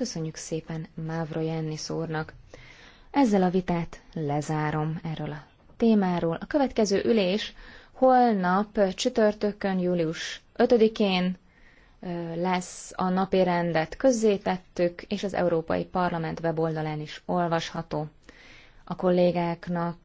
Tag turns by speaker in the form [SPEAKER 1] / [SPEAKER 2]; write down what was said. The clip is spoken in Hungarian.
[SPEAKER 1] Köszönjük szépen mávra Jenni szórnak. Ezzel a vitát lezárom erről a témáról. A következő ülés holnap csütörtökön, július 5-én lesz a napi rendet közzétettük, és az Európai Parlament weboldalán is olvasható. A kollégáknak